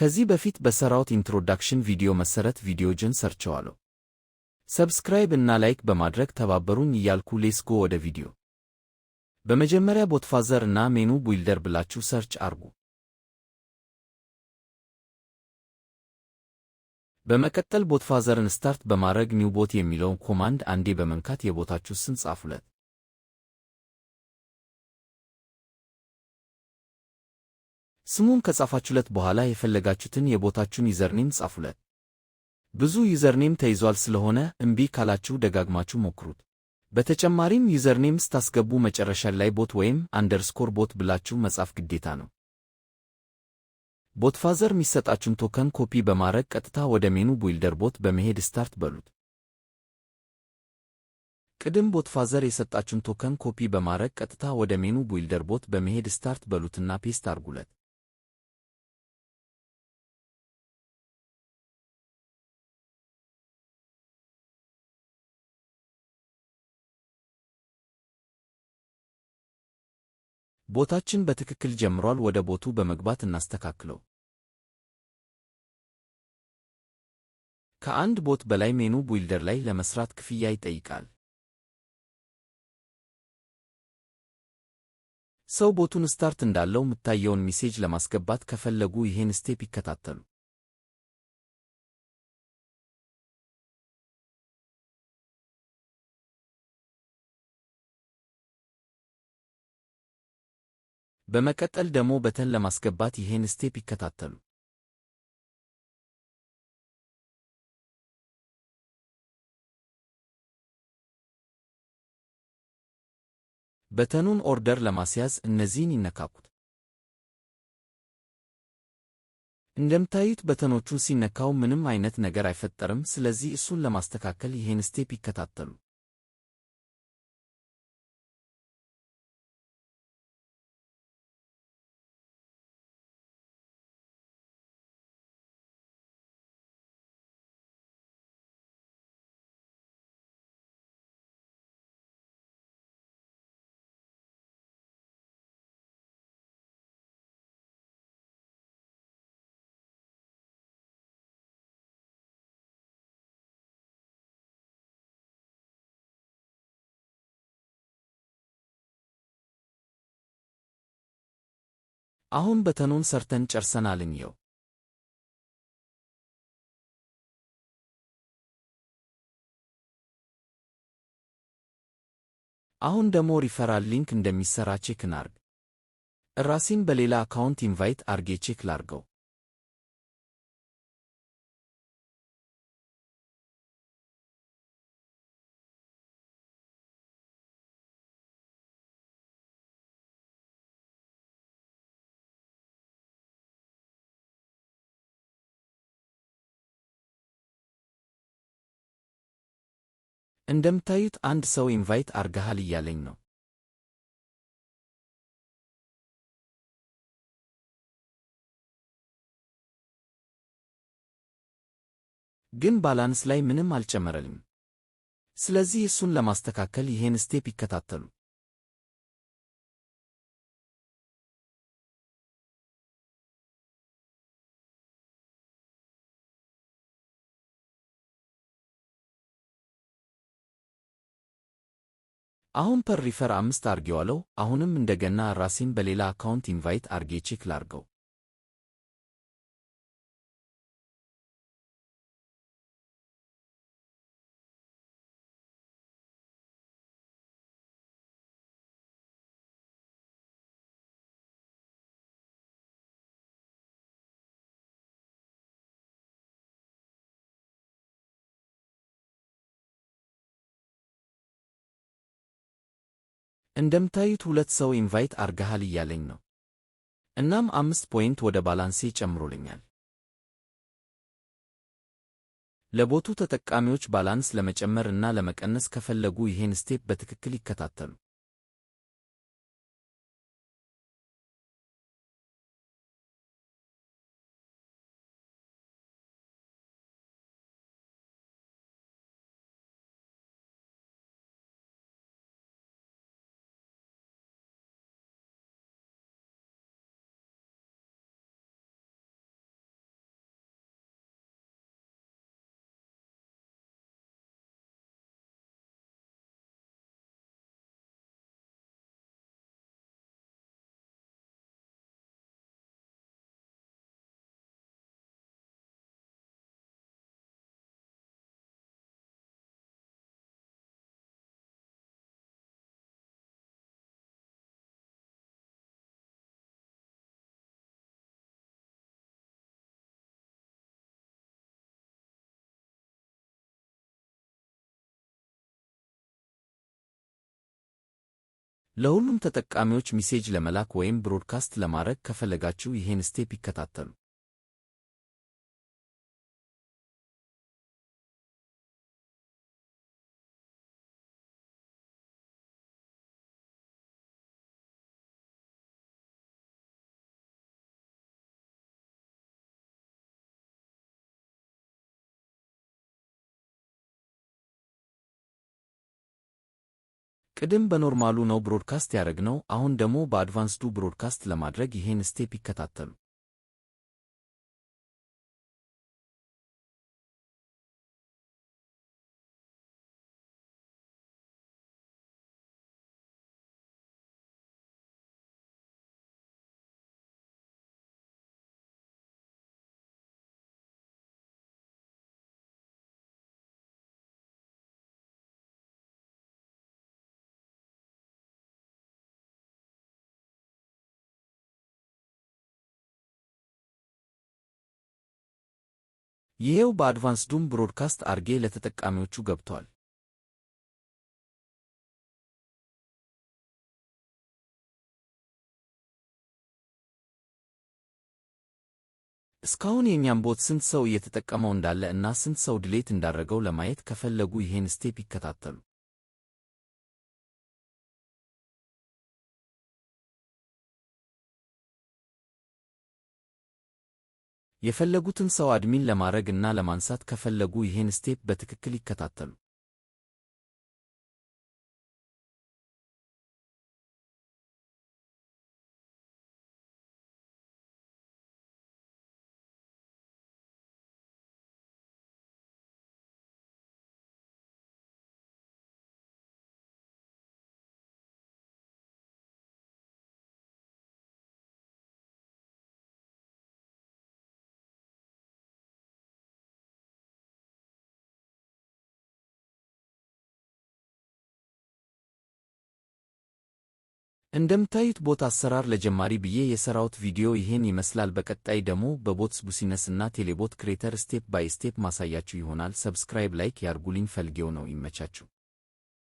ከዚህ በፊት በሰራውት ኢንትሮዳክሽን ቪዲዮ መሰረት ቪዲዮጅን ሰርቸዋለሁ። ሰብስክራይብ እና ላይክ በማድረግ ተባበሩኝ እያልኩ ሌስ ጎ ወደ ቪዲዮ። በመጀመሪያ ቦትፋዘር እና ሜኑ ቡልደር ብላችሁ ሰርች አርጉ። በመቀጠል ቦትፋዘርን ስታርት በማድረግ ኒው ቦት የሚለውን ኮማንድ አንዴ በመንካት የቦታችሁ ስም ጻፉለት። ስሙን ከጻፋችሁለት በኋላ የፈለጋችሁትን የቦታችሁን ዩዘርኔም ጻፉለት። ብዙ ዩዘርኔም ተይዟል ስለሆነ እምቢ ካላችሁ ደጋግማችሁ ሞክሩት። በተጨማሪም ዩዘርኔም ስታስገቡ መጨረሻ ላይ ቦት ወይም አንደርስኮር ቦት ብላችሁ መጻፍ ግዴታ ነው። ቦትፋዘር የሚሰጣችሁን ቶከን ኮፒ በማድረግ ቀጥታ ወደ ሜኑ ቡይልደር ቦት በመሄድ ስታርት በሉት። ቅድም ቦትፋዘር የሰጣችሁን ቶከን ኮፒ በማድረግ ቀጥታ ወደ ሜኑ ቡይልደር ቦት በመሄድ ስታርት በሉትና ፔስት አርጉለት። ቦታችን በትክክል ጀምሯል። ወደ ቦቱ በመግባት እናስተካክለው። ከአንድ ቦት በላይ ሜኑ ቢልደር ላይ ለመስራት ክፍያ ይጠይቃል። ሰው ቦቱን ስታርት እንዳለው የምታየውን ሚሴጅ ለማስገባት ከፈለጉ ይሄን ስቴፕ ይከታተሉ። በመቀጠል ደግሞ በተን ለማስገባት ይሄን ስቴፕ ይከታተሉ። በተኑን ኦርደር ለማስያዝ እነዚህን ይነካኩት። እንደምታዩት በተኖቹ ሲነካው ምንም አይነት ነገር አይፈጠርም። ስለዚህ እሱን ለማስተካከል ይሄን ስቴፕ ይከታተሉ። አሁን በተኑን ሰርተን ጨርሰናልኝው። አሁን ደሞ ሪፈራል ሊንክ እንደሚሰራ ቼክ እናርግ። ራሴን በሌላ አካውንት ኢንቫይት አርጌ ቼክ ላርገው። እንደምታዩት አንድ ሰው ኢንቫይት አርጋሃል እያለኝ ነው። ግን ባላንስ ላይ ምንም አልጨመረልም። ስለዚህ እሱን ለማስተካከል ይሄን ስቴፕ ይከታተሉ። አሁን ፐር ሪፈር አምስት አርጌዋለው። አሁንም እንደገና ራሴን በሌላ አካውንት ኢንቫይት አርጌ ቼክ ላርገው። እንደምታዩት ሁለት ሰው ኢንቫይት አርጋሃል እያለኝ ነው። እናም አምስት ፖይንት ወደ ባላንሴ ጨምሮልኛል። ለቦቱ ተጠቃሚዎች ባላንስ ለመጨመር እና ለመቀነስ ከፈለጉ ይሄን ስቴፕ በትክክል ይከታተሉ። ለሁሉም ተጠቃሚዎች ሚሴጅ ለመላክ ወይም ብሮድካስት ለማድረግ ከፈለጋችሁ ይሄን ስቴፕ ይከታተሉ። ቅድም በኖርማሉ ነው ብሮድካስት ያደረግነው። አሁን ደግሞ በአድቫንስዱ ብሮድካስት ለማድረግ ይሄን ስቴፕ ይከታተሉ። ይሄው በአድቫንስ ዱም ብሮድካስት አርጌ ለተጠቃሚዎቹ ገብቷል። እስካሁን የእኛም ቦት ስንት ሰው እየተጠቀመው እንዳለ እና ስንት ሰው ድሌት እንዳደረገው ለማየት ከፈለጉ ይሄን ስቴፕ ይከታተሉ። የፈለጉትን ሰው አድሚን ለማድረግ እና ለማንሳት ከፈለጉ ይሄን ስቴፕ በትክክል ይከታተሉ። እንደምታዩት ቦት አሰራር ለጀማሪ ብዬ የሰራሁት ቪዲዮ ይሄን ይመስላል። በቀጣይ ደግሞ በቦትስ ቡሲነስ እና ቴሌቦት ክሬተር ስቴፕ ባይ ስቴፕ ማሳያችሁ ይሆናል። ሰብስክራይብ፣ ላይክ ያርጉልኝ። ፈልጌው ነው። ይመቻችሁ።